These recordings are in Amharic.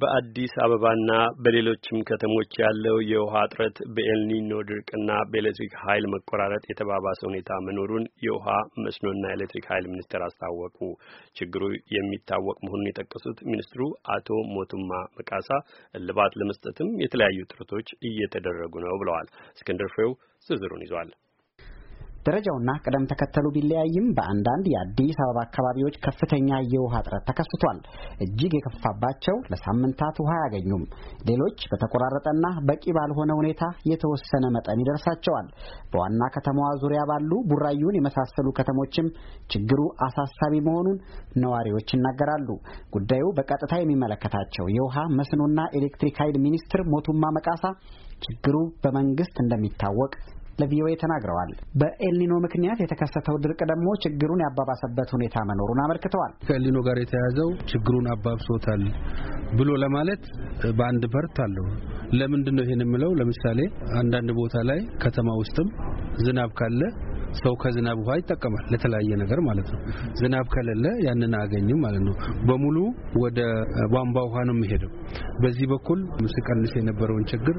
በአዲስ አበባና በሌሎችም ከተሞች ያለው የውሃ እጥረት በኤልኒኖ ድርቅና በኤሌክትሪክ ኃይል መቆራረጥ የተባባሰ ሁኔታ መኖሩን የውሃ መስኖና ኤሌክትሪክ ኃይል ሚኒስቴር አስታወቁ። ችግሩ የሚታወቅ መሆኑን የጠቀሱት ሚኒስትሩ አቶ ሞቱማ መቃሳ እልባት ለመስጠትም የተለያዩ ጥረቶች እየተደረጉ ነው ብለዋል። እስክንድር ፍሬው ዝርዝሩን ይዟል። ደረጃውና ቅደም ተከተሉ ቢለያይም በአንዳንድ የአዲስ አበባ አካባቢዎች ከፍተኛ የውሃ እጥረት ተከስቷል። እጅግ የከፋባቸው ለሳምንታት ውሃ አያገኙም። ሌሎች በተቆራረጠና በቂ ባልሆነ ሁኔታ የተወሰነ መጠን ይደርሳቸዋል። በዋና ከተማዋ ዙሪያ ባሉ ቡራዩን የመሳሰሉ ከተሞችም ችግሩ አሳሳቢ መሆኑን ነዋሪዎች ይናገራሉ። ጉዳዩ በቀጥታ የሚመለከታቸው የውሃ መስኖና ኤሌክትሪክ ኃይል ሚኒስትር ሞቱማ መቃሳ ችግሩ በመንግስት እንደሚታወቅ ለቪኦኤ ተናግረዋል። በኤልኒኖ ምክንያት የተከሰተው ድርቅ ደግሞ ችግሩን ያባባሰበት ሁኔታ መኖሩን አመልክተዋል። ከኤልኒኖ ጋር የተያያዘው ችግሩን አባብሶታል ብሎ ለማለት በአንድ በርት አለው። ለምንድን ነው ይሄን የምለው? ለምሳሌ አንዳንድ ቦታ ላይ ከተማ ውስጥም ዝናብ ካለ ሰው ከዝናብ ውሃ ይጠቀማል ለተለያየ ነገር ማለት ነው። ዝናብ ከሌለ ያንን አያገኝም ማለት ነው። በሙሉ ወደ ቧንቧ ውሃ ነው የሚሄደው። በዚህ በኩል ስቀንስ የነበረውን ችግር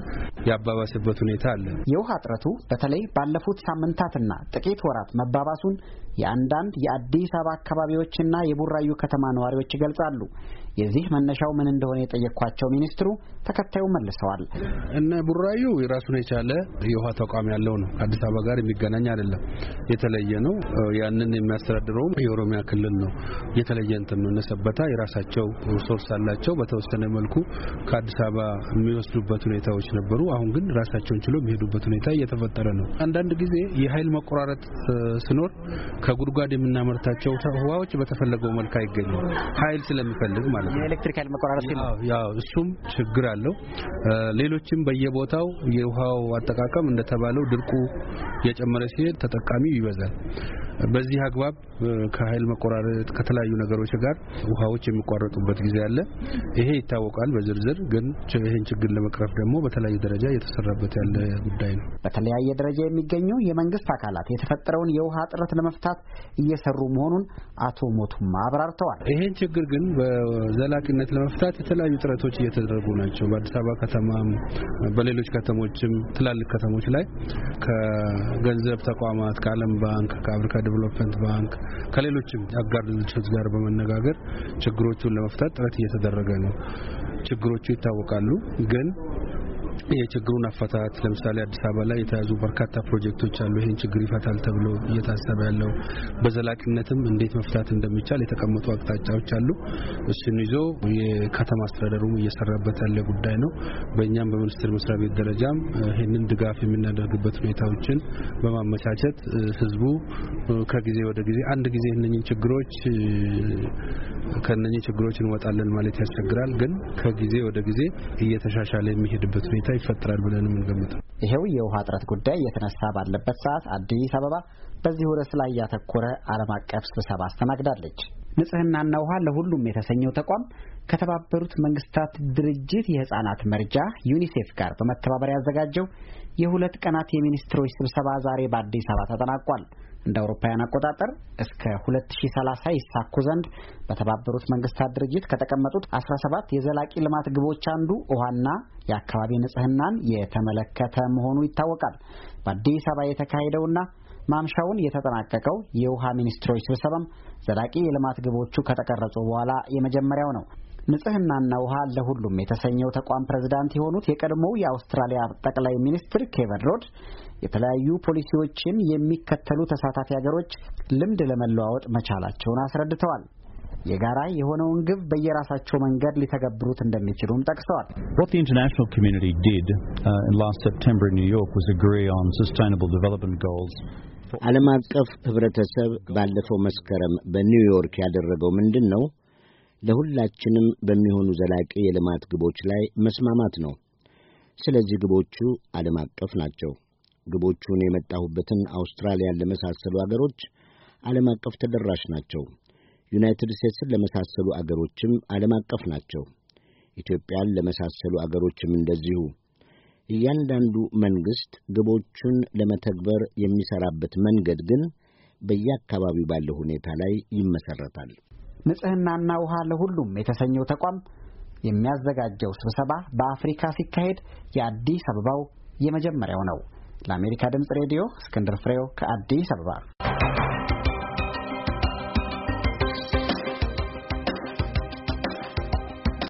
ያባባሰበት ሁኔታ አለ። የውሃ እጥረቱ በተለይ ባለፉት ሳምንታትና ጥቂት ወራት መባባሱን የአንዳንድ የአዲስ አበባ አካባቢዎችና የቡራዩ ከተማ ነዋሪዎች ይገልጻሉ። የዚህ መነሻው ምን እንደሆነ የጠየኳቸው ሚኒስትሩ ተከታዩ መልሰዋል። እነ ቡራዩ ራሱን የቻለ የውሃ ተቋም ያለው ነው። ከአዲስ አበባ ጋር የሚገናኝ አይደለም። የተለየ ነው። ያንን የሚያስተዳድረውም የኦሮሚያ ክልል ነው። የተለየ እንትን ነው። ነሰበታ የራሳቸው ሪሶርስ አላቸው። በተወሰነ መልኩ ከአዲስ አበባ የሚወስዱበት ሁኔታዎች ነበሩ። አሁን ግን ራሳቸውን ችሎ የሚሄዱበት ሁኔታ እየተፈጠረ ነው። አንዳንድ ጊዜ የኃይል መቆራረጥ ሲኖር ከጉድጓድ የምናመርታቸው ውሃዎች በተፈለገው መልክ አይገኙም። ኃይል ስለሚፈልግ ማለት ነው። የኤሌክትሪክ ኃይል መቆራረጥ ያው እሱም ችግር አለው። ሌሎችም በየቦታው የውሃው አጠቃቀም እንደተባለው ድርቁ እየጨመረ ሲሄድ ተጠቃ رقمی በዚህ አግባብ ከኃይል መቆራረጥ ከተለያዩ ነገሮች ጋር ውሃዎች የሚቋረጡበት ጊዜ አለ። ይሄ ይታወቃል በዝርዝር ግን ይህን ችግር ለመቅረፍ ደግሞ በተለያየ ደረጃ እየተሰራበት ያለ ጉዳይ ነው። በተለያየ ደረጃ የሚገኙ የመንግስት አካላት የተፈጠረውን የውሃ እጥረት ለመፍታት እየሰሩ መሆኑን አቶ ሞቱማ አብራርተዋል። ይህን ችግር ግን በዘላቂነት ለመፍታት የተለያዩ ጥረቶች እየተደረጉ ናቸው። በአዲስ አበባ ከተማም በሌሎች ከተሞችም ትላልቅ ከተሞች ላይ ከገንዘብ ተቋማት ከዓለም ባንክ ከአፍሪካ ዴቨሎፕመንት ባንክ ከሌሎችም አጋር ድርጅቶች ጋር በመነጋገር ችግሮቹን ለመፍታት ጥረት እየተደረገ ነው። ችግሮቹ ይታወቃሉ ግን የችግሩን አፈታት ለምሳሌ አዲስ አበባ ላይ የተያዙ በርካታ ፕሮጀክቶች አሉ። ይህን ችግር ይፈታል ተብሎ እየታሰበ ያለው በዘላቂነትም እንዴት መፍታት እንደሚቻል የተቀመጡ አቅጣጫዎች አሉ። እሱን ይዞ የከተማ አስተዳደሩም እየሰራበት ያለ ጉዳይ ነው። በእኛም በሚኒስቴር መስሪያ ቤት ደረጃም ይህንን ድጋፍ የምናደርግበት ሁኔታዎችን በማመቻቸት ህዝቡ ከጊዜ ወደ ጊዜ አንድ ጊዜ እነኝን ችግሮች ከነኝህ ችግሮች እንወጣለን ማለት ያስቸግራል። ግን ከጊዜ ወደ ጊዜ እየተሻሻለ የሚሄድበት ሁኔታ ሁኔታ ይፈጠራል ብለን የምንገምተው። ይሄው የውሃ እጥረት ጉዳይ እየተነሳ ባለበት ሰዓት አዲስ አበባ በዚህ ርዕስ ላይ ያተኮረ ዓለም አቀፍ ስብሰባ አስተናግዳለች። ንጽህናና ውሃ ለሁሉም የተሰኘው ተቋም ከተባበሩት መንግስታት ድርጅት የህፃናት መርጃ ዩኒሴፍ ጋር በመተባበር ያዘጋጀው የሁለት ቀናት የሚኒስትሮች ስብሰባ ዛሬ በአዲስ አበባ ተጠናቋል። እንደ አውሮፓውያን አቆጣጠር እስከ 2030 ይሳኩ ዘንድ በተባበሩት መንግስታት ድርጅት ከተቀመጡት 17 የዘላቂ ልማት ግቦች አንዱ ውሃና የአካባቢ ንጽህናን የተመለከተ መሆኑ ይታወቃል። በአዲስ አበባ የተካሄደውና ማምሻውን የተጠናቀቀው የውሃ ሚኒስትሮች ስብሰባም ዘላቂ የልማት ግቦቹ ከተቀረጹ በኋላ የመጀመሪያው ነው። ንጽህናና ውሃ ለሁሉም የተሰኘው ተቋም ፕሬዝዳንት የሆኑት የቀድሞው የአውስትራሊያ ጠቅላይ ሚኒስትር ኬቨን ሮድ የተለያዩ ፖሊሲዎችን የሚከተሉ ተሳታፊ ሀገሮች ልምድ ለመለዋወጥ መቻላቸውን አስረድተዋል። የጋራ የሆነውን ግብ በየራሳቸው መንገድ ሊተገብሩት እንደሚችሉም ጠቅሰዋል። ዓለም አቀፍ ህብረተሰብ ባለፈው መስከረም በኒውዮርክ ያደረገው ምንድን ነው? ለሁላችንም በሚሆኑ ዘላቂ የልማት ግቦች ላይ መስማማት ነው። ስለዚህ ግቦቹ ዓለም አቀፍ ናቸው። ግቦቹን የመጣሁበትን አውስትራሊያን ለመሳሰሉ አገሮች ዓለም አቀፍ ተደራሽ ናቸው። ዩናይትድ ስቴትስን ለመሳሰሉ አገሮችም ዓለም አቀፍ ናቸው። ኢትዮጵያን ለመሳሰሉ አገሮችም እንደዚሁ። እያንዳንዱ መንግሥት ግቦቹን ለመተግበር የሚሠራበት መንገድ ግን በየአካባቢው ባለው ሁኔታ ላይ ይመሠረታል። ንጽሕናና ውሃ ለሁሉም የተሰኘው ተቋም የሚያዘጋጀው ስብሰባ በአፍሪካ ሲካሄድ የአዲስ አበባው የመጀመሪያው ነው። ለአሜሪካ ድምፅ ሬዲዮ እስክንድር ፍሬው ከአዲስ አበባ